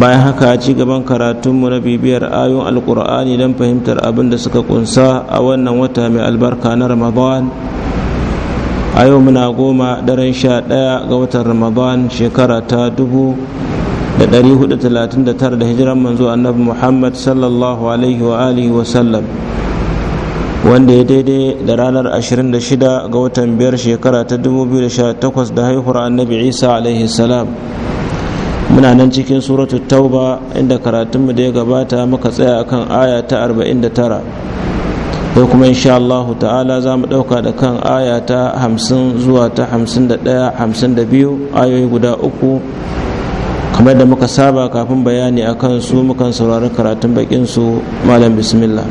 bayan haka ci gaban karatunmu na bibiyar ayon alkur'ani don fahimtar abin da suka kunsa a wannan wata mai albarka na ramadan a yau muna goma daren sha ɗaya ga watan ramadan shekara ta dubu da ɗari hudu talatin da tara da hijiran manzo annabi muhammad sallallahu alaihi wa alihi wa sallam wanda ya daidai da ranar 26 ga watan biyar shekara ta 2018 da haihuwar annabi isa alaihi salam muna nan cikin suratu tauba inda karatunmu da ya gabata muka tsaya akan aya ta tara ko kuma insha Allah ta'ala za mu ɗauka da kan aya ta 50 zuwa ta 51 52 ayoyi guda uku kamar da muka saba kafin bayani a kan su mukan saurari karatun bakin su malam bismillah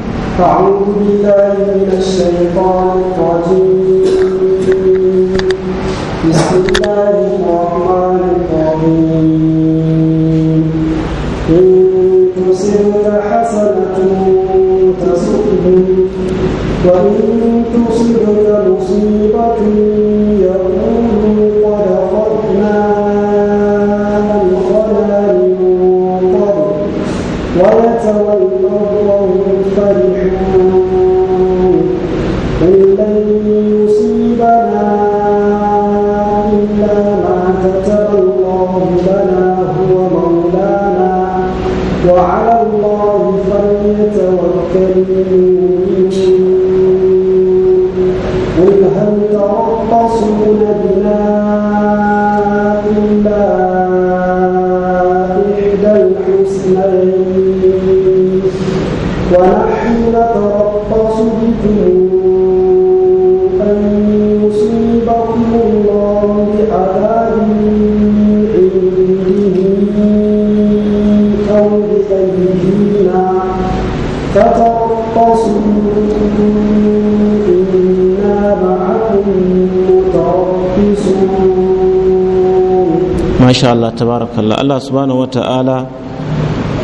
masha Allah tabarakallah Allah subhanahu wata'ala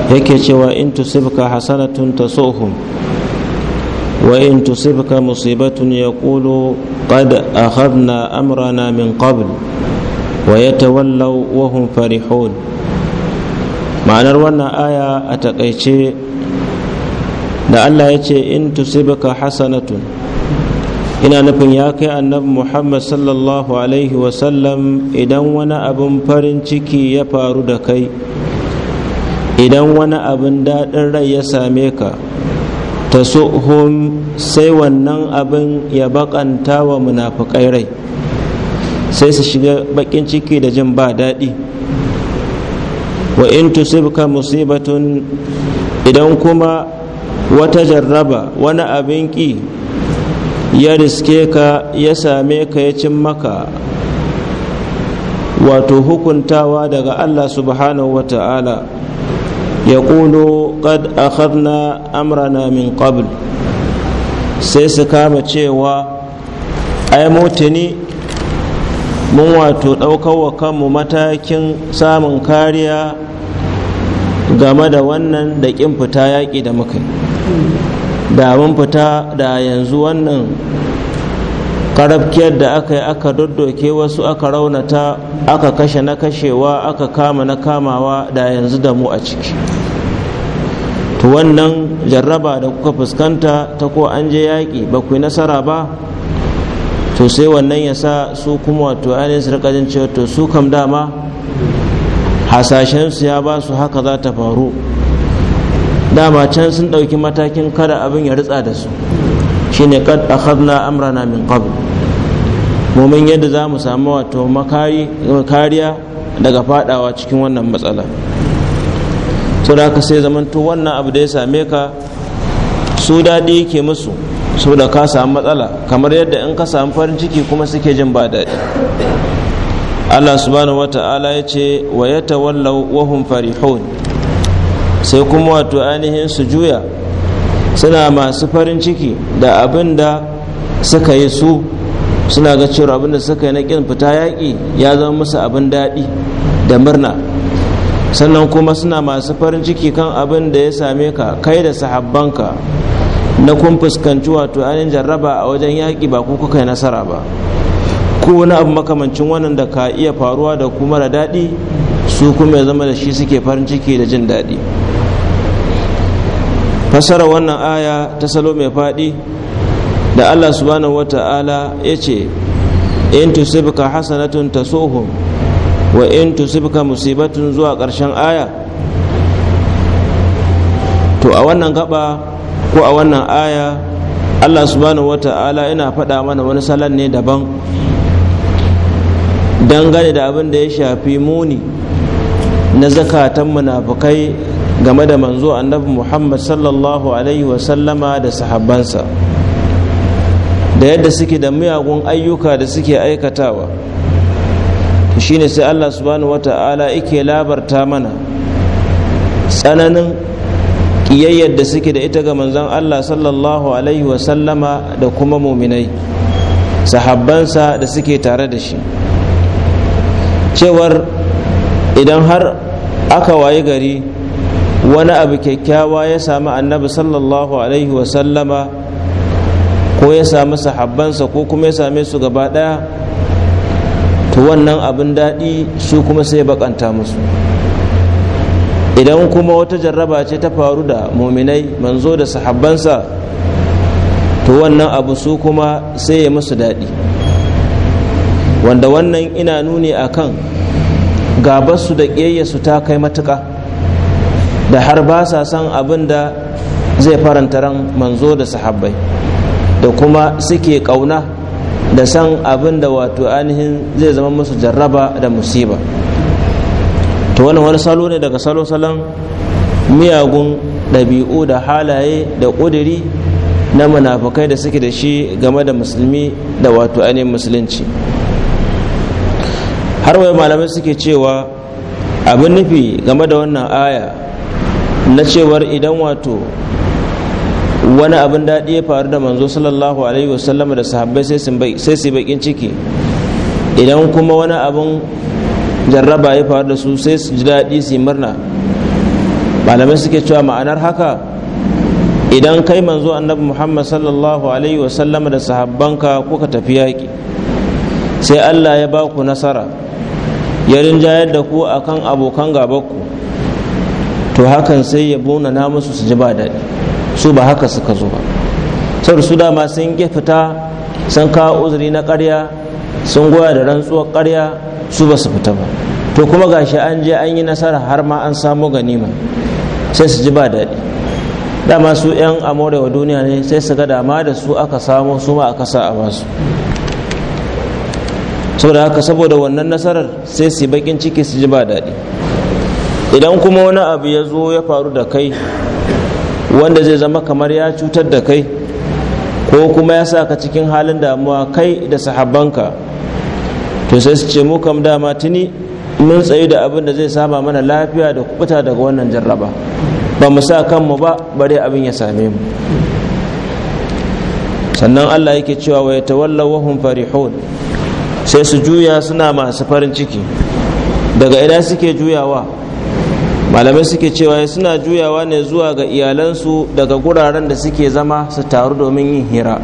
yake cewa in tusibka hasanatun tasuhum wa in tusibka musibatun yaqulu qad akhadna amrana min qabl wa yatawallaw wa hum farihun ma'anar wannan aya a takaice da Allah ya ce in tusibka hasanatun ina nufin ya kai annabi muhammad sallallahu alaihi wasallam idan wani abin farin ciki ya faru da kai idan wani abin daɗin rai ya same ka ta su'hum sai wannan abin ya baƙanta wa munafukai rai sai su shiga bakin ciki da jin ba daɗi wa in tusibka musibatun idan kuma wata jarraba wani abin ƙi ya riske ka ya same ka ya cin maka wato hukuntawa daga Allah subhanahu wa ta'ala ya ƙulo ƙad akharna amrana min qabl sai su kama cewa ai mutuni mun wato wa kanmu matakin samun kariya game da wannan da ƙin fita yaƙi da muka yi da mun fita da yanzu wannan karafkiyar da aka yi aka doddoke wasu aka raunata aka kashe na kashewa aka kama na kamawa da yanzu da mu a ciki to wannan jarraba da kuka fuskanta ta ko an je yaƙi ba ku nasara ba to sai wannan ya sa su kuma wato ainihin su rika jin cewa to su kam dama hasashensu ya ba su haka za ta faru dama can sun ɗauki matakin kada abin ya ritsa da su shine kad akhadna amrana min qabl mumin yadda za mu samu wato makariya daga fadawa cikin wannan matsala to da ka sai zamanto wannan abu da ya same ka su daɗi ke musu su da ka samu matsala kamar yadda in ka samu farin ciki kuma suke jin ba daɗi Allah subhanahu wata'ala ya ce wa yatawallaw wallau wahum farihun sai kuma wato ainihin su juya suna masu farin ciki da abin da suka yi su suna ga cewa abin da suka yi na ƙin fita yaƙi ya zama musu abin daɗi da murna sannan kuma suna masu farin ciki kan abin da ya same ka kai da sahabbanka na kun fuskanci wato ainihin jarraba a wajen yaƙi ba ku kuka yi nasara ba ko wani abu makamancin wannan da ka iya faruwa da kuma da daɗi su kuma ya zama da shi suke farin ciki da jin daɗi fasara wannan aya ta salo mai faɗi da allah subhanahu wata'ala ya ce in tusibka hasanatun tasuhum wa in tusibka musibatun zuwa ƙarshen aya to a wannan gaba ko a wannan aya allah subhanahu wata'ala yana faɗa mana wani salon ne daban dangane da abin da ya shafi muni na zakatan munafukai game da manzo annabi muhammad sallallahu alaihi wasallama da sahabbansa da yadda suke da miyagun ayyuka da suke aikatawa shine sai allah subhanahu wa ta'ala yake labarta mana tsananin ƙiyayyar da suke da ita ga manzon allah sallallahu alaihi wasallama da kuma muminai sahabbansa da suke tare da shi cewar idan har aka waye gari wani abu kyakkyawa ya sami annabi sallallahu alaihi wasallama ko ya sami sahabbansa ko kuma ya same su gaba ɗaya to wannan abin daɗi su kuma sai bakanta musu idan kuma wata jarraba ce ta faru da muminai manzo da sahabbansa to wannan abu su kuma sai ya musu daɗi wanda wannan ina nuni kan gabarsu da su ta kai matuka. da har ba sa son abin da zai faranta ran manzo da sahabbai da kuma suke kauna da san abin da wato ainihin zai zama musu jarraba da musiba to wannan wani salo ne daga salo salon miyagun dabi'u da halaye da ƙudiri na munafukai da suke da shi game da musulmi da wato ainihin musulunci har wai malamai suke cewa abin nufi game da wannan aya na cewar idan wato wani abin daɗi ya faru da manzo sallallahu alaihi wasallama da sahabbai sai su baƙin ciki idan kuma wani abin jarraba ya faru da su sai su ji daɗi su yi murna malamai suke cewa ma'anar haka idan kai manzo annabi muhammad sallallahu alaihi wasallama da sahabbanka kuka tafi yaƙi sai allah ya ba ku nasara ya rinjayar da ku akan abokan gabanku to hakan sai ya bonana musu su ji ba daɗi su ba haka suka zo ba da su dama sun ke fita sun kawo uzuri na karya, sun goya da rantsuwar karya, su ba su fita ba to kuma gashi an je an yi nasara har ma an samu ganima sai su ji ba daɗi dama su 'yan wa duniya ne sai su ga dama da su aka samo su ma aka sa a basu saboda haka saboda wannan nasarar sai su yi bakin ciki su ji ba daɗi idan kuma wani abu ya zo ya faru da kai wanda zai zama kamar ya cutar da kai ko kuma ya sa ka cikin halin damuwa kai da sahabbanka to sai su ce mu kam dama tuni mun tsayu da abin da zai saba mana lafiya da kubuta daga wannan jarraba ba mu sa kanmu ba bare abin ya same mu sannan Allah yake cewa wa yatawallaw wa hum farihun sai su juya suna masu farin ciki daga ina suke juyawa malamai suke cewa suna juyawa ne zuwa ga iyalansu daga guraren da suke zama su taru domin yin hira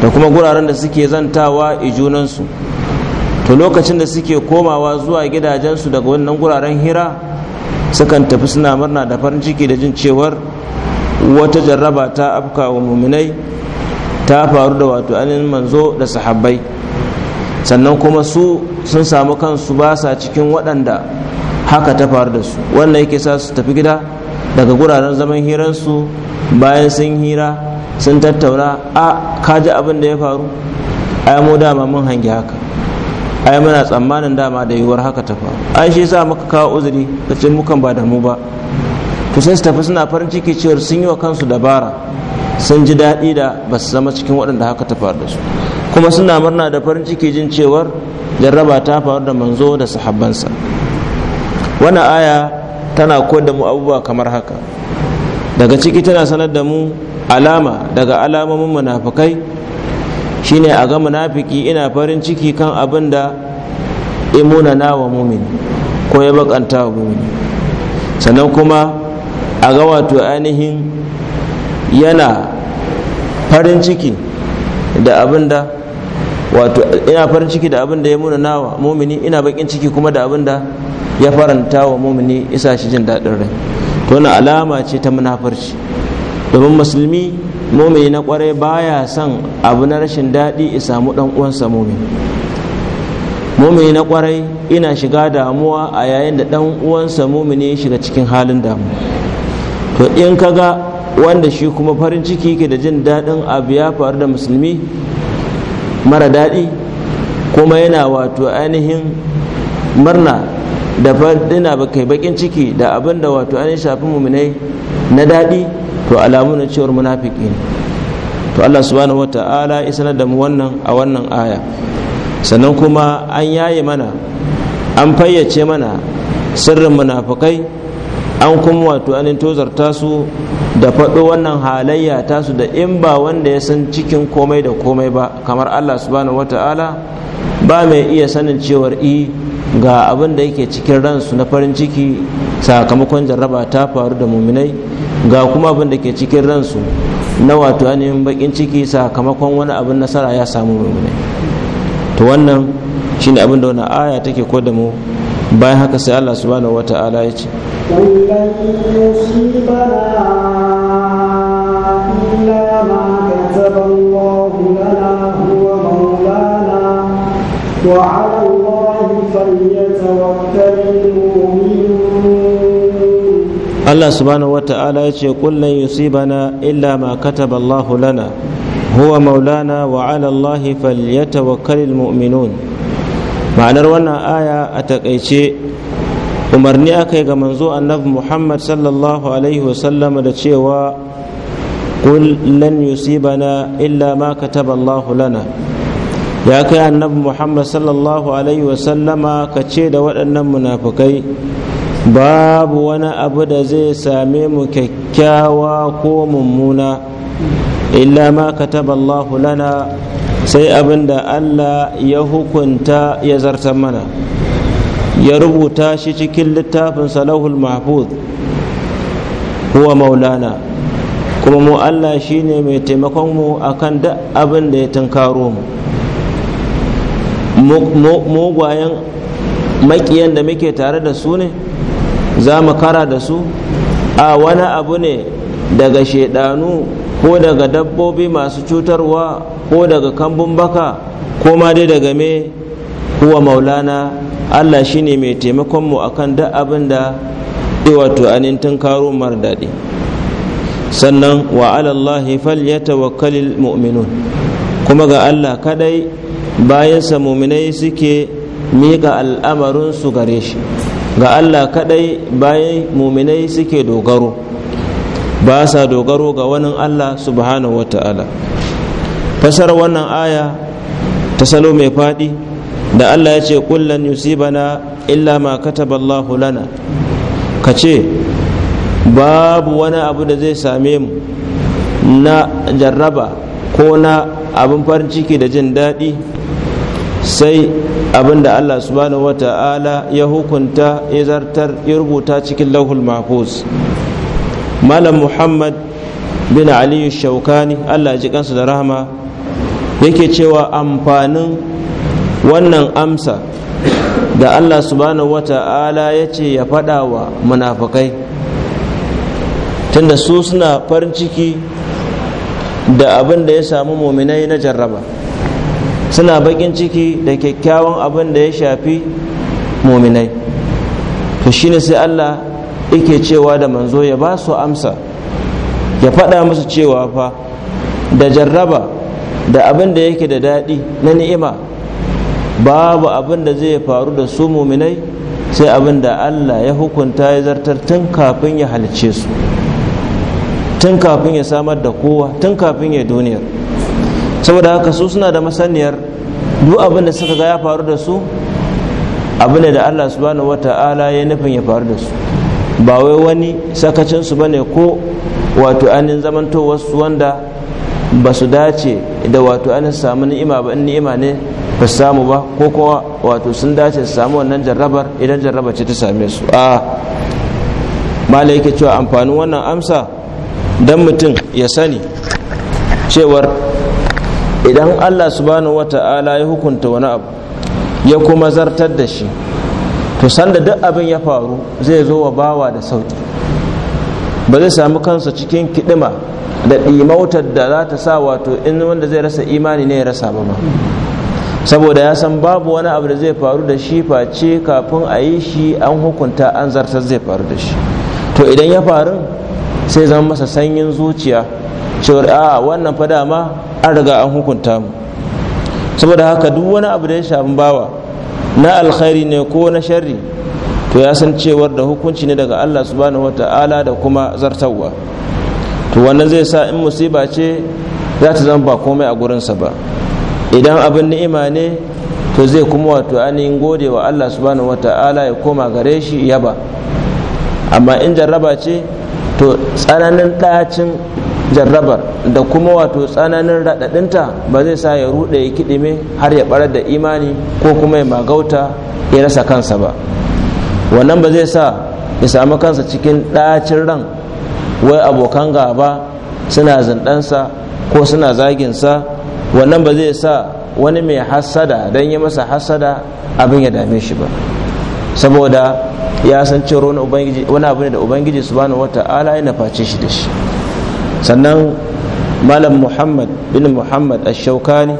da kuma guraren da suke zantawa junansu to lokacin da suke komawa zuwa gidajensu daga wannan guraren hira sukan tafi suna murna da farin ciki da jin cewar wata jarraba ta afka wa muminai ta faru da wato ainihin manzo da sahabbai sannan kuma su sun samu kansu ba sa cikin waɗanda haka ta faru da su wannan yake sa su tafi gida daga guraren zaman su bayan sun hira sun tattauna a kaji abin da ya faru ai mu dama mun hangi haka ai muna tsammanin dama da yiwuwar haka ta faru ai shi yasa muka kawo uzuri ka ce mukan ba da mu ba to sai su tafi suna farin ciki cewar sun yi wa kansu dabara sun ji daɗi da ba su zama cikin waɗanda haka ta faru da su kuma suna murna da farin ciki jin cewar jarraba ta faru da manzo da sahabbansa wani aya tana koyar da mu abubuwa kamar haka daga ciki tana sanar da mu alama daga alamomin munafukai shine a ga munafiki ina farin ciki kan abin da imuna na wa mumini ko ya bakanta wa mumini sannan kuma a ga wato ainihin yana farin ciki da abin da wato ina farin ciki da abin da ya muna nawa mumini ina bakin ciki kuma da abin da ya faranta wa mumini isa shi jin daɗin rai to na alama ce ta munafarci domin musulmi mumini na kwarai baya son abu na rashin daɗi ya samu ɗan uwansa mumini mumini na kwarai ina shiga damuwa a yayin da ɗan uwansa mumini ya shiga cikin halin damu. to in ka ga wanda shi kuma farin ciki ke da jin daɗin abu ya faru da musulmi mara daɗi kuma yana wato ainihin murna da fadina ba kai bakin ciki da abin da wato an shafi muminai na daɗi to alamu na cewar munafiki ne to Allah subhanahu wata'ala isa da mu wannan a wannan aya sannan kuma an yaye mana an fayyace mana sirrin munafukai an kuma wato an tozarta su da faɗo wannan halayya tasu da in ba wanda ya san cikin komai da komai ba kamar Allah subhanahu wata'ala ba mai iya sanin cewar i eh, ga abin da yake cikin ransu na farin ciki sakamakon jarraba ta faru da muminai ga kuma abin da ke cikin ransu na wato ainihin bakin ciki sakamakon wani abin nasara ya samu muminai to wannan shine abin da wani aya take ko da mu bayan haka sai Allah subhanahu wata'ala ya ce وعلى Allah subhanahu wata'ala ya ce kullum yusibana illa ma kataba allahu lana huwa maulana wa ala wa falyatawakkalul mu'minun ma'anar wannan aya a takaice umarni aka yi ga manzo annabi Muhammad sallallahu alaihi wasallama da cewa kullum yusibana illa ma kataba allahu lana ya kai annabi muhammad sallallahu alaihi wasallama ka ce da waɗannan munafukai babu wani abu da zai same mu kyakkyawa ko mummuna illa ma kataballahu lana sai abin da allah ya hukunta ya zarta mana ya rubuta shi cikin littafin salahul mahfuz huwa maulana kuma mu allah shine mai taimakon mu akan duk abin da ya tunkaro mu mugwayen makiyan da muke tare da su ne za mu kara da su a wani abu ne daga shaidanu ko daga dabbobi masu cutarwa ko daga kambun baka ko ma dai daga me kuwa maulana allah shine mai taimakonmu akan duk abin da wato anin tun karo mar daɗi sannan wa alallahi tawakkalil mu'minun kuma ga allah kadai bayansa muminai suke miƙa al'amarinsu gare shi ga Allah kadai bayan muminai suke dogaro ba sa dogaro ga wani Allah subhanahu wa ta'ala fasar wannan aya ta salo mai faɗi da Allah ya ce kullan yusibana illa ma kataba Allahu lana ka ce babu wani abu da zai same mu na jarraba ko na abin farin ciki da jin daɗi sai abin da allah subhanahu wata'ala ya hukunta ya zartar ya rubuta cikin lauhul mahfuz malam muhammad bin aliyu shaukani allah ji kansu da rahama yake cewa amfanin wannan amsa da allah subhanahu wata'ala ya ce ya faɗa wa munafukai tunda su suna farin ciki da abin da ya samu muminai na jarraba suna bakin ciki da kyakkyawan abin da ya shafi muminai to shine sai Allah yake cewa da manzo ya ba su amsa ya faɗa musu cewa fa da jarraba da abin da yake da daɗi na ni'ima babu abin da zai faru da su muminai sai abin da Allah ya hukunta ya zartar tun kafin ya halice su tun kafin ya samar da kowa tun kafin ya duniya saboda haka su suna da masaniyar duk abin da suka ga ya faru da su abu ne da allah subhanahu wa ta'ala ya nufin ya faru da su ba wai wani sakacinsu ba ne ko wato anin wasu wanda ba su dace da wato an samu ni'ima ba ni'ima ne ba su samu ba ko kowa wato sun dace su samu wannan jarrabar idan jarrabar ce ta same su a malai yake cewa amfanin wannan amsa don mutum ya sani cewar idan allah subhanahu wata'ala ya hukunta wani abu ya kuma zartar da shi to sanda duk abin ya faru zai zo wa bawa da sauki ba zai samu kansa cikin kidima da ɗimautar da za ta sa wato in wanda zai rasa imani ne ya rasa ba ba saboda ya san babu wani abu da zai faru da shi face kafin a yi shi an hukunta an zartar zai faru da shi to idan ya faru sai zama masa sanyin zuciya cewar a wannan fa dama an riga an hukunta mu saboda haka duk wani abu da ya shafi bawa na alkhairi ne ko na sharri to ya san cewar da hukunci ne daga Allah subhanahu wata'ala da kuma zartarwa to wannan zai sa in musiba ce za ta zama ba komai a gurinsa ba idan abin ni'ima ne to zai kuma wato ainihin gode wa Allah subhanahu wata'ala ya koma gare shi yaba amma in jarraba ce to tsananin ɗacin jarrabar da kuma wato tsananin raɗaɗinta ba zai sa ya ruɗe ya kiɗime har ya ɓarar da imani ko kuma ya magauta ya rasa kansa ba wannan ba zai sa ya samu kansa cikin ɗacin ran wai abokan gaba suna zindansa ko suna zaginsa wannan ba zai sa wani mai hassada don yi masa hassada abin ya dame shi ba saboda ya san cewa wani ubangiji wani abu ne da ubangiji subhanahu wata'ala ya naface shi da shi sannan malam muhammad bin muhammad ash-shawkani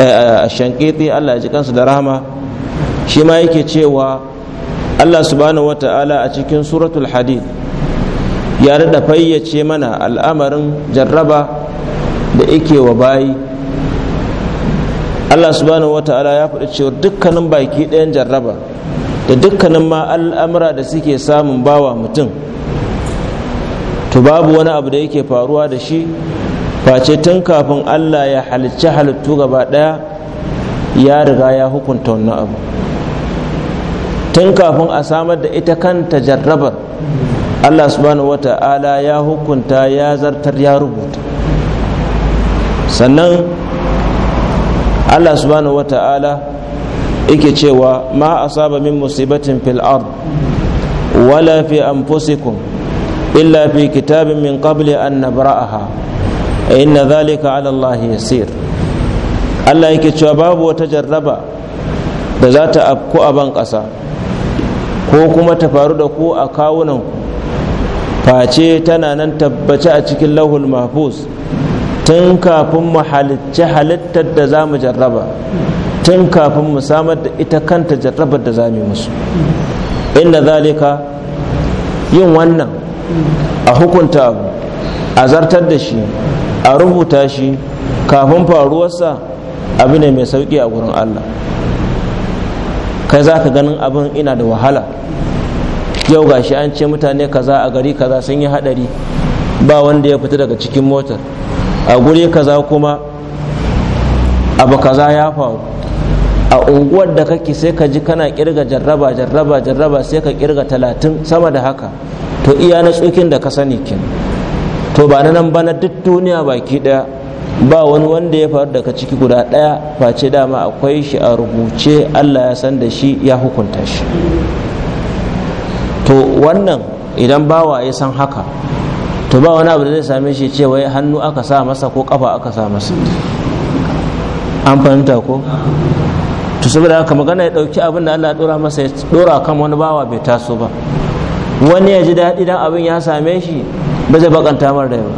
eh, eh, ash-shankiti Allah ya ji kansu da rahama shi ma yake cewa Allah subhanahu wata'ala a cikin suratul hadid ya rada fayyace mana al'amarin jarraba da ike wa bayi Allah subhanahu wata'ala ya faɗi cewa dukkanin baki ɗayan jarraba da dukkanin ma al'amura da suke samun bawa mutum to babu wani abu da yake faruwa da shi face tun kafin allah ya halicci halittu gaba ɗaya ya riga ya hukunta wannan abu tun kafin a samar da ita kanta jarrabar allah subhanahu wa ta'ala ya hukunta ya zartar ya rubuta sannan allah subhanahu wa ta'ala yake cewa ma asaba min musibatin fil ard wala fi anfusikum illa fi kitabin min qabli an nabra'aha inna dhalika ala Allah yasir Allah yake cewa babu wata jarraba da za ta afku a ban ƙasa ko kuma ta faru da ku a kawunan face tana nan tabbace a cikin lahul mahfuz tun kafin mu halicci halittar da za mu jarraba tun kafin mu samar da ita kanta jarrabar da za mu musu inna zalika yin wannan a hukunta abu a zartar da shi a rubuta shi kafin faruwarsa abu ne mai sauƙi a gurin Allah kai za ka ganin abin ina da wahala yau ga shi an ce mutane kaza a gari kaza sun yi hadari ba wanda ya fita daga cikin motar a guri kaza kuma abu kaza ya faru a unguwar da kake sai ka ji kana kirga jarraba jarraba jarraba sai ka kirga talatin sama da haka to iya na tsokin da ka sani kin to ba na nan ba na duk duniya baki daya ba wani wanda ya faru daga ciki guda daya face dama akwai shi a rubuce allah ya san da shi ya hukunta shi to wannan idan bawa ya san haka to ba wani abu da zai same shi ce wai hannu aka sa masa ko kafa aka sa masa an fahimta ko to saboda haka magana ya dauki abin da Allah ya dora masa ya ɗora kan wani bawa bai taso ba wani ya ji daɗi dan abin ya same shi ba zai bakanta mar da ba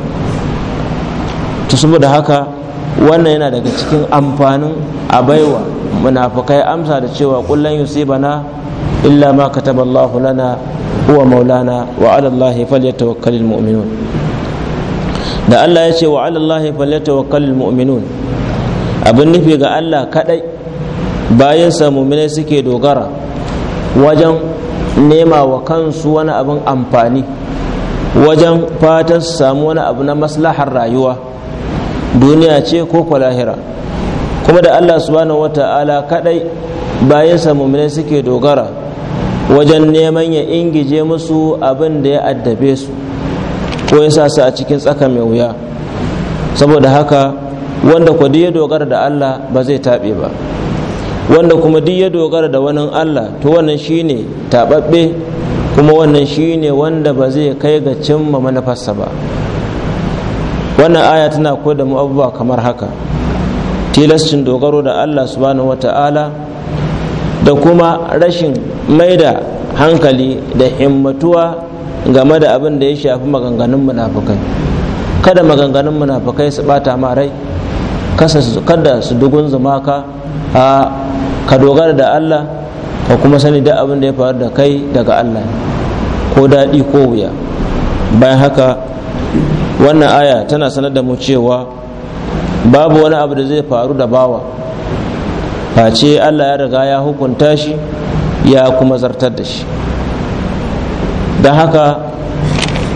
to saboda haka wannan yana daga cikin amfanin abaiwa baiwa munafukai amsa da cewa kullan yusibana illa ma kataba Allah lana huwa maulana wa ala Allah falyatawakkalul mu'minun da Allah ya ce wa ala Allah falyatawakkalul mu'minun abin nufi ga Allah kadai bayan samumine suke dogara wajen nema wa kansu wani abin amfani wajen fatan samu wani abu na maslahar rayuwa duniya ce ko kwalahira kuma da allah subhanahu wa ta'ala kadai bayan samumine suke dogara wajen neman ya ingije musu abin da ya addabe su ko ya su a cikin tsaka mai wuya saboda haka wanda kwadi ya dogara da allah ba zai taɓe ba wanda kuma duk ya dogara da wani Allah to wannan shine tababbe kuma wannan shine wanda ba zai kai ga cimma manufarsa ba wannan aya tana koyar da mu abubuwa kamar haka tilascin dogaro da Allah subhanahu wata'ala da kuma rashin maida hankali da himmatuwa game da abin da ya shafi maganganun munafukai kada maganganun munafukai su bata ma rai kada su dugun zuma ka ka dogara da Allah ka kuma sani da abin da ya faru da kai daga Allah ko daɗi ko wuya bayan haka wannan aya tana sanar da mu cewa babu wani abu da zai faru da bawa face Allah ya riga ya hukunta shi ya kuma zartar da shi da haka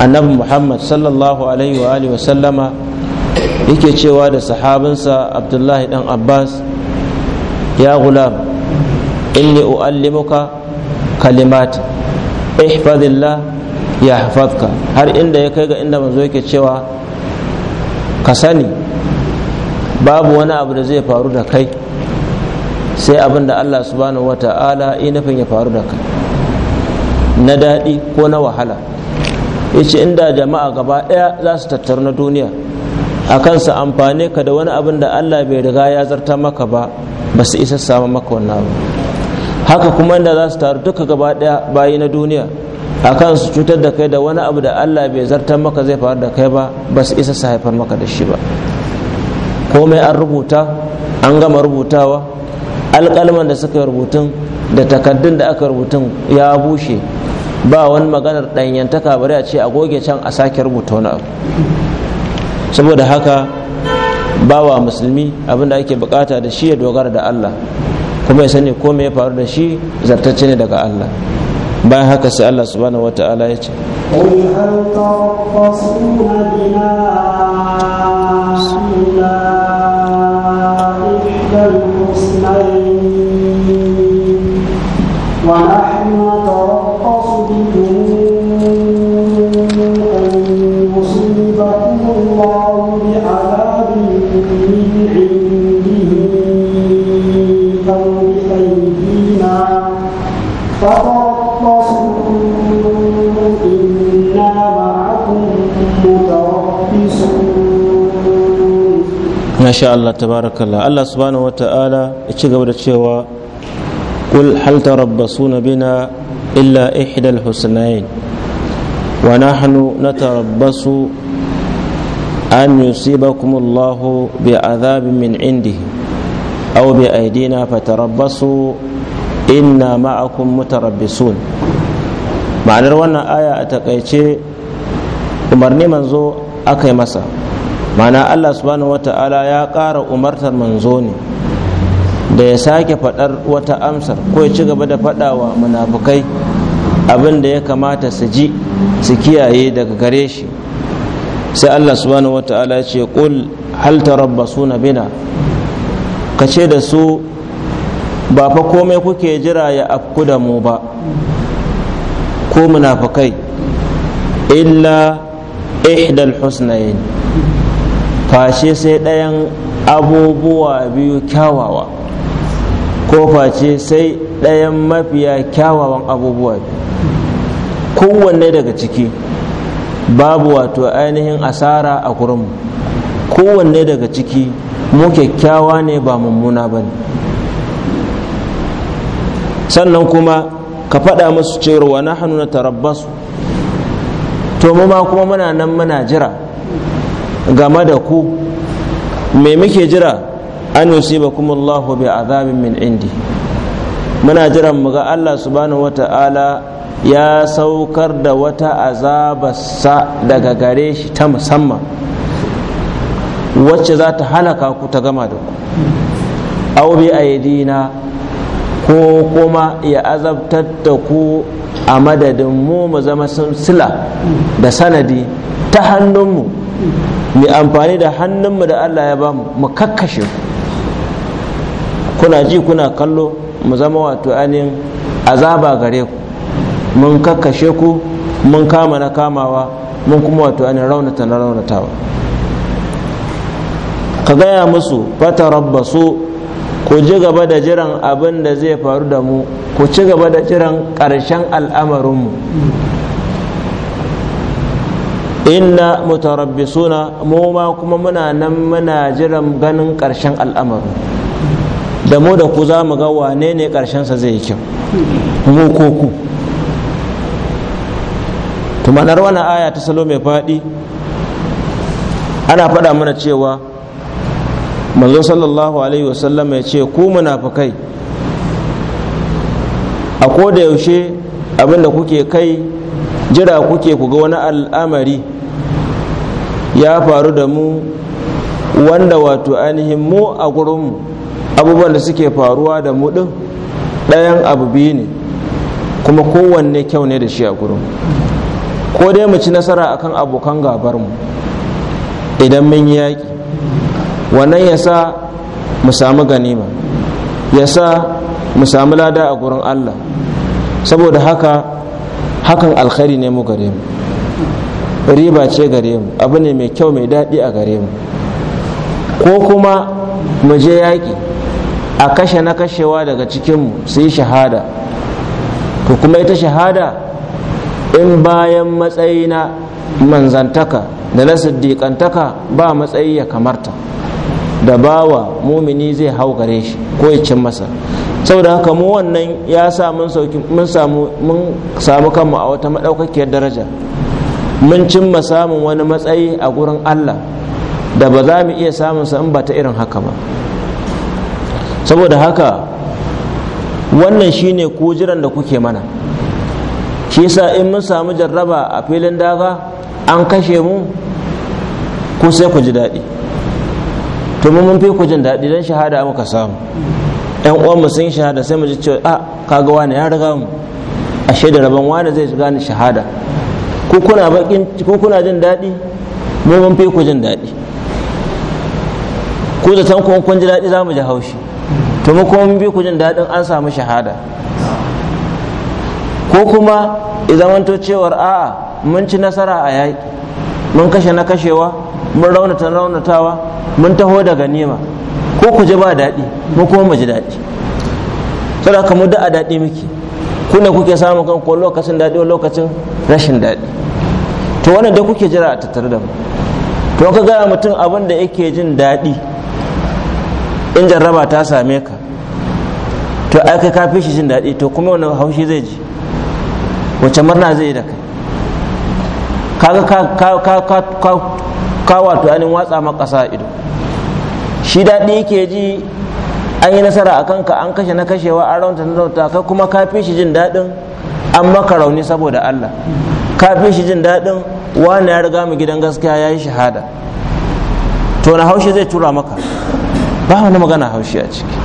annabi muhammad sallallahu alaihi wa sallama yake cewa da sahabinsa abdullahi dan abbas ya gulam inni uallimuka kalimat ihfazillah ya ka har inda ya kai ga inda manzo yake cewa ka sani babu wani abu da zai faru da kai sai abin da Allah subhanahu wa ta'ala ya nufin ya faru da kai na daɗi ko na wahala ya inda jama'a gaba ɗaya za su tattaru na duniya a kansa amfane ka da wani abin da Allah bai riga ya zarta maka ba ba su isa samu maka wannan abu haka kuma inda za su taru duka gaba daya bayi na duniya A kan su cutar da kai da wani abu da Allah bai zartar maka zai faru da kai ba ba su isa su haifar maka da shi ba komai an rubuta an gama rubutawa alƙalman da suka rubutun da takardun da aka rubutun ya bushe ba wani maganar ɗanyantaka bari a ce a goge can a sake rubuta wani abu saboda haka bawa musulmi abin da ake bukata da shi ya dogara da Allah kuma ya sani ko me ya faru da shi zartacce ne daga Allah bayan haka sai Allah subhanahu wata'ala ya ce وما masha Allah tabarakallah Allah subhanahu ta'ala ya ci gaba da cewa kul hal tarabbasuna bina illa ihdal husnain wa nahnu natarabbasu an yusibakum Allah bi azabin min indihi aw bi aydina fatarabbasu inna ma'akum mutarabbisun ma'anar wannan aya a takaice umarni manzo aka yi masa mana allah subhanahu wata'ala ya ƙara umartar manzo ne da ya sake faɗar wata amsar ko ya ci gaba da faɗawa munafukai abin da ya kamata su ji su kiyaye daga gare shi sai allah subhanahu wata'ala ya ce ƙul hal na bina ka ce da su ba fa komai kuke jira ya afku da mu ba ko munafukai illa ihdal husnayn face sai ɗayan abubuwa biyu kyawawa ko face sai ɗayan mafiya kyawawan abubuwa kowanne daga ciki babu wato ainihin asara a gurinmu kowanne daga ciki mu kyakkyawa ne ba mummuna ba ne sannan kuma ka faɗa musu cewar wa hannu na tarabbasu to mu ma kuma muna nan muna jira game da ku me muke jira an yusiba kuma Allahu bi azabin min indi muna jiran mu ga Allah subhanahu wata'ala ya saukar da wata azabarsa daga gare shi ta musamman wacce za ta halaka ku ta gama da ku au bi aidina ko kuma ya azabtar da ku a madadin mu mu zama sila da sanadi ta hannunmu mai amfani da hannunmu da Allah ya bamu mu kakkashe kuna ji kuna kallo mu zama wato ainihin azaba gare ku mun kakkashe ku mun kama na kamawa mun kuma wato ainihin raunata na raunatawa ka gaya musu fata rabbasu ku ji gaba da jiran abin da zai faru da mu ku ci gaba da jiran ƙarshen al'amarinmu inna mutarabbisuna mu ma kuma muna nan muna jiran ganin ƙarshen al'amari da mu da ku za mu ga wane ne sa zai yi kyau mu ko ku to ma'anar wannan aya ta salo mai faɗi ana faɗa mana cewa manzo sallallahu alaihi wasallam ya ce ku munafukai a da yaushe abinda kuke kai jira kuke ku ga wani al'amari ya faru da mu wanda wato ainihin mu a gurinmu abubuwan da suke faruwa da mu ɗin ɗayan abu biyu ne kuma kowanne kyau ne da shi a gurin ko dai mu ci nasara akan abokan gabar mu idan mun yi yaƙi wannan ya sa mu samu ganima ya sa mu samu lada a gurin allah saboda haka hakan alkhairi ne mu gare mu riba ce gare mu abu ne mai kyau mai daɗi a gare mu ko kuma mu je yaƙi a kashe na kashewa daga cikinmu su yi shahada to kuma ita shahada in bayan matsayi na manzantaka da na siddiƙantaka ba matsayi ya kamarta da bawa mumini zai hau gare shi ko ya cin masa saboda haka mu wannan ya sa mun samu mun samu kanmu a wata maɗaukakiyar daraja mun cimma samun wani matsayi a gurin Allah da ba za mu iya samun sa in ba ta irin haka ba saboda haka wannan shine kujiran da kuke mana shi yasa in mun samu jarraba a filin daga an kashe mu ko sai ku ji daɗi to mun fi ku jin daɗi don shahada muka samu yan uwanmu sun shahada sai mu ji cewa a ah, kaga wani ya riga mu ashe da rabon wani zai gane shahada ko kuna bakin ko kuna jin daɗi mu mun fi ku jin daɗi ko da tan kun ji daɗi za mu ji haushi to mu kuma mun fi ku jin daɗin an samu shahada ko kuma izamanto cewar a'a mun ci nasara a yaƙi mun kashe na kashewa mun raunata raunatawa mun taho daga nima ko ku ji ba daɗi mu kuma mu ji daɗi saboda kamar da a daɗi muke kuna kuke samun kan ko lokacin daɗi ko lokacin rashin daɗi to wannan da kuke jira a tattare da mu to ka gaya mutum abin da yake jin daɗi in jarraba ta same ka to ai kai ka fi shi jin daɗi to kuma wani haushi zai ji wacce murna zai yi da kai kaga ka wato watsa ma ƙasa ido shi daɗi yake ji an yi nasara a kanka an kashe na kashewa an raunta na raunta kai kuma ka fi shi jin daɗin an maka rauni saboda Allah ka fi shi jin daɗin wani ya riga mu gidan gaskiya ya yi shahada to na haushi zai tura maka ba wani magana haushi a ciki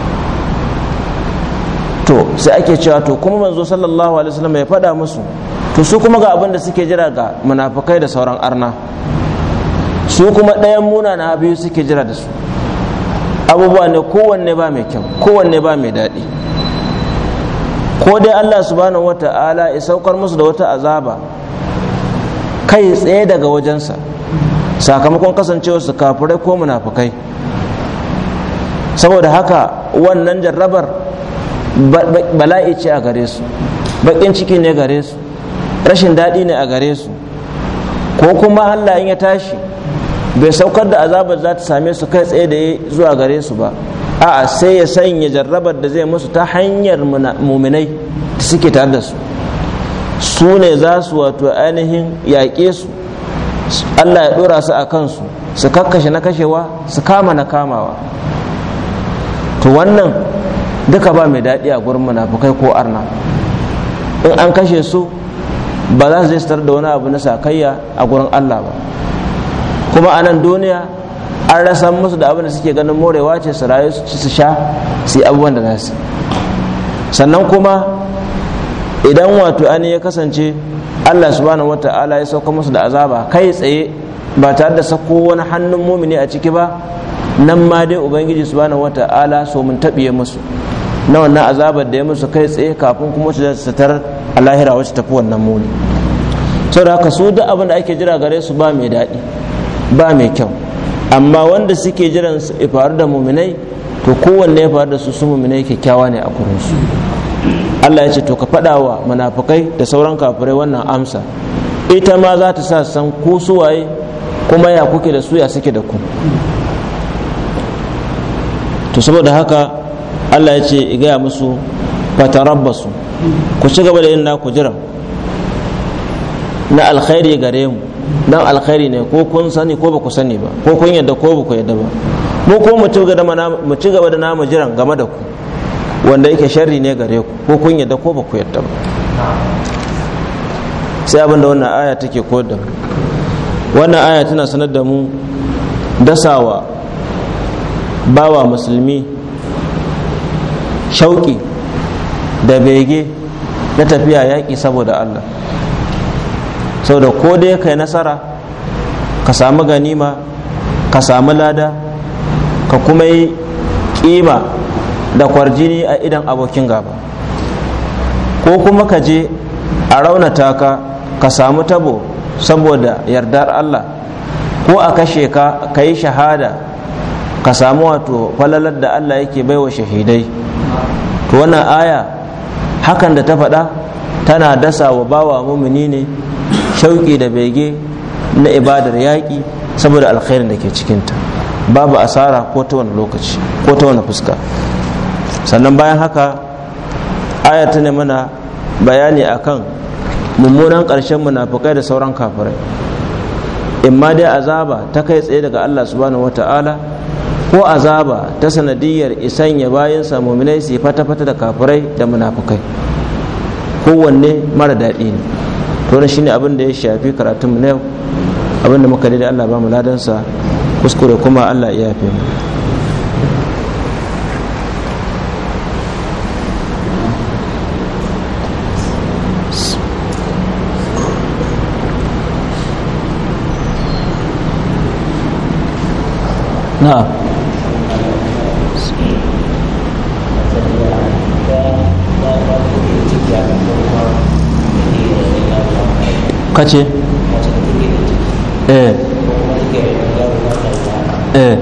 to sai ake cewa to kuma manzo sallallahu alaihi wasallam ya faɗa musu to su kuma ga abin da suke jira ga munafukai da sauran arna su kuma ɗayan muna na biyu suke jira da su abubuwa ne kowanne ba mai kyau kowanne ba mai daɗi ko dai Allah subhanahu wata'ala ya saukar musu da wata azaba kai tsaye daga wajensa sakamakon kasancewa su kafirai ko munafukai saboda haka wannan jarrabar bala'i ce a gare su baƙin ciki ne gare su rashin daɗi ne a gare su ko kuma Allah in ya tashi bai saukar da azabar za ta same su kai tsaye da zuwa gare su ba a'a sai ya sanya jarrabar da zai musu ta hanyar muminai da suke tare da su su ne za su wato ainihin yaƙe su allah ya ɗora su a kansu su kakkashe na kashewa su kama na kamawa to wannan duka ba mai daɗi a gurin munafukai ko arna in an kashe su ba za su zai da wani abu na sakayya a gurin allah ba kuma a nan duniya an rasa musu da abin da suke ganin morewa ce su rayu su ci su sha su yi abubuwan da za su sannan kuma idan wato an ya kasance allah subhanahu wa ta'ala ya sauka musu da azaba kai tsaye ba tare da sako wani hannun mumini a ciki ba nan ma dai ubangiji subhanahu wa ta'ala so mun taɓiye musu na wannan azabar da ya musu kai tsaye kafin kuma su su a lahira wacce tafi wannan muni saboda haka su duk abin da ake jira gare su ba mai daɗi ba mai kyau amma wanda suke jiran su faru da muminai to kowanne ya faru da su su muminai kyakkyawa ne a kurinsu Allah ya ce to ka faɗa wa munafukai da sauran kafirai wannan amsa ita ma za ta sa san ko suwaye kuma ya kuke da su ya suke da ku to saboda haka Allah ya ce gaya musu fatarabbasu ku ci gaba da yin naku jiran na alkhairi gare mu dan alkhairi ne ko kun sani ko ba ku sani ba ko kun yadda ko ba ku yadda ba mu ko mu ci gaba da namu jiran game da ku wanda yake sharri ne gare ku ko kun yadda ko ba ku yadda ba sai abin da wannan aya take koyar wannan aya tana sanar da mu dasawa bawa musulmi shauki da bege na tafiya yaƙi saboda Allah Sau da ko dai kai nasara ka samu ganima ka samu lada ka kuma yi kima da kwarjini a idan abokin gaba ko kuma ka je a raunata ka ka samu tabo saboda yardar allah ko a kashe ka ka yi shahada ka samu wato falalar da Allah yake baiwa shahidai to wannan aya hakan da ta faɗa tana dasa wa bawa mumini ne shauƙi da bege na ibadar yaƙi saboda alkhairin da ke cikinta babu asara ko ta wani lokaci ko ta wani fuska sannan bayan haka aya ta mana bayani a kan mummunan ƙarshen munafukai da sauran kafirai ma dai azaba ta kai tsaye daga Allah subhanahu wata'ala ko azaba ta sanadiyar isan ya bayan samuminai su fata-fata da kafirai da munafukai kowanne mara daɗi ne to wannan shine abin da ya shafi karatun mu na yau abin da muka da Allah ba mu ladan sa kuskure kuma Allah ya yafe mu na'am kace eh eh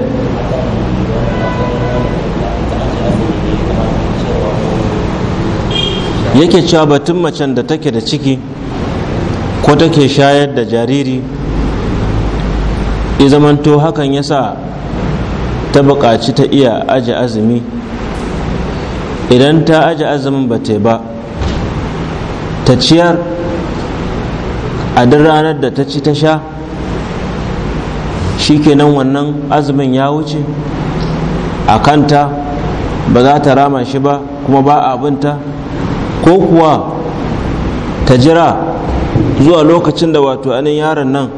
yake cewa batun macen da take da ciki ko take shayar da jariri ya zamanto hakan ya sa ta buƙaci ta iya aji azumi idan ta aji azumin ba ta ba ta ciyar a duk ranar da ta ci ta sha shi shikenan wannan azumin ya wuce a kanta ba za ta rama shi ba kuma ba a abinta ko kuwa ta jira zuwa lokacin da wato anin yaron nan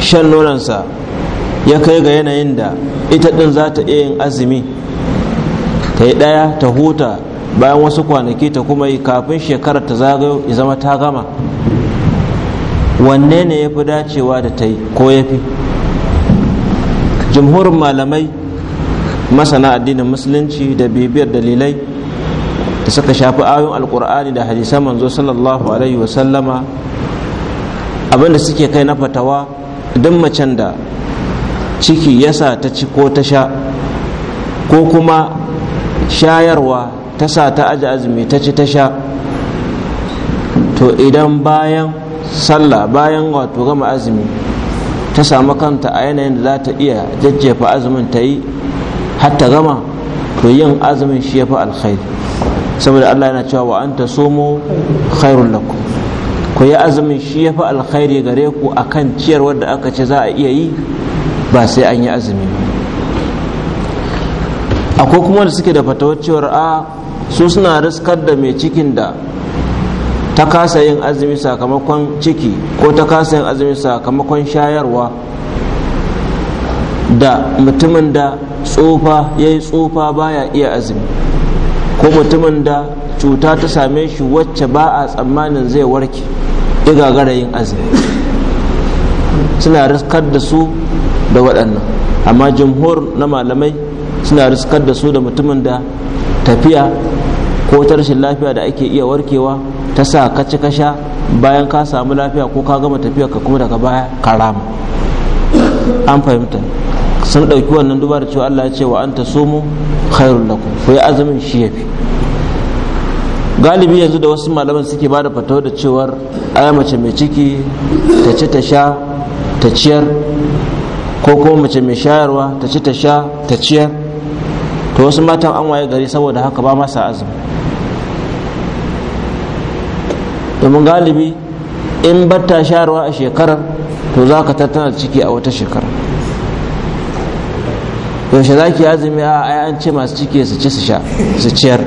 shan nonansa ya kai ga yanayin da ita ɗin za ta iya yin azumi ta yi ɗaya ta huta bayan wasu kwanaki ta kuma yi kafin shekarar ta zagayo ya zama ta gama wanne ne ya fi dacewa da ta yi ko ya fi jumhurin malamai masana addinin musulunci da bibiyar dalilai da suka shafi ayoyin alkur'ani da hadisan manzo sallallahu alaihi wasallama abinda suke kai na fatawa duk macen da ciki yasa ta ci ko ta sha ko kuma shayarwa ta sa ta aji azumi ta ci ta sha to idan bayan sallah bayan wato gama azumi ta samu kanta a yanayin da za ta iya jajjefa azumin ta yi har ta gama to yin azumin shi ya fi alkhairi saboda Allah yana cewa wa anta somo khairun lakum ku yi azumin shi ya fi alkhairi gare ku akan ciyarwar da aka ce za a iya yi ba sai an yi azumi akwai kuma da suke da fatawar cewar a ah, su suna riskar da mai cikin da ta kasa yin azumi sakamakon ciki ko ta kasa yin azumi sakamakon shayarwa da mutumin da tsufa ya yi tsufa baya iya azumi ko mutumin da cuta ta same shi wacce ba a tsammanin zai warke gara yin azumi suna riskar da su da waɗannan amma jimhur na malamai suna riskar da su da mutumin da tafiya ko ta rashin lafiya da ake iya warkewa ta sa ka ci kasha bayan ka samu lafiya ko ka gama tafiya ka kuma daga baya rama an fahimta sun ɗauki wannan duba da cewa Allah ya ce wa an ta somo khairun lakum ko ya azumin shi ya fi galibi yanzu da wasu malaman suke ba da fatawa da cewar aya mace mai ciki ta ci ta sha ta ciyar ko kuma mace mai shayarwa ta ci ta sha ta ciyar to wasu matan an waye gari saboda haka ba masa azumi domin galibi in batta sharuwa a shekarar to za ka tattana ciki a wata shekara yaushe za ki azumi a ai an ce masu ciki su ci su ciyar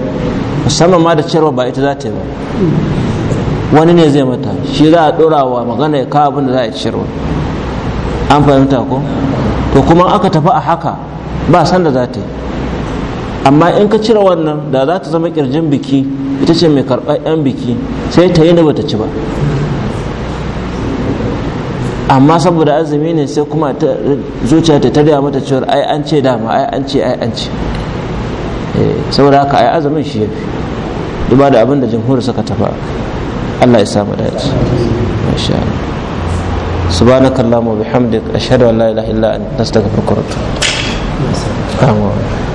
musamman ma da ciyarwa ba ita za ta yi ba wani ne zai mata shi za a ɗora wa magana ya kawo abin da za a ciyarwa an fahimta ko to kuma aka tafi a haka ba sanda za ta yi amma in ka cire wannan da za ta zama kirjin biki ita ce mai karɓar 'yan biki sai ta yi na bata ci ba amma saboda azumi ne sai kuma zuciya ta tarya mata cewar ai an ce dama ai an ce ai an ce eh, saboda haka ai azumin shi ya fi duba da abin da jamhuri suka tafa Allah ya samu dace masha سبحانك اللهم وبحمدك أشهد أن لا إله إلا أنت نستغفرك ونتوب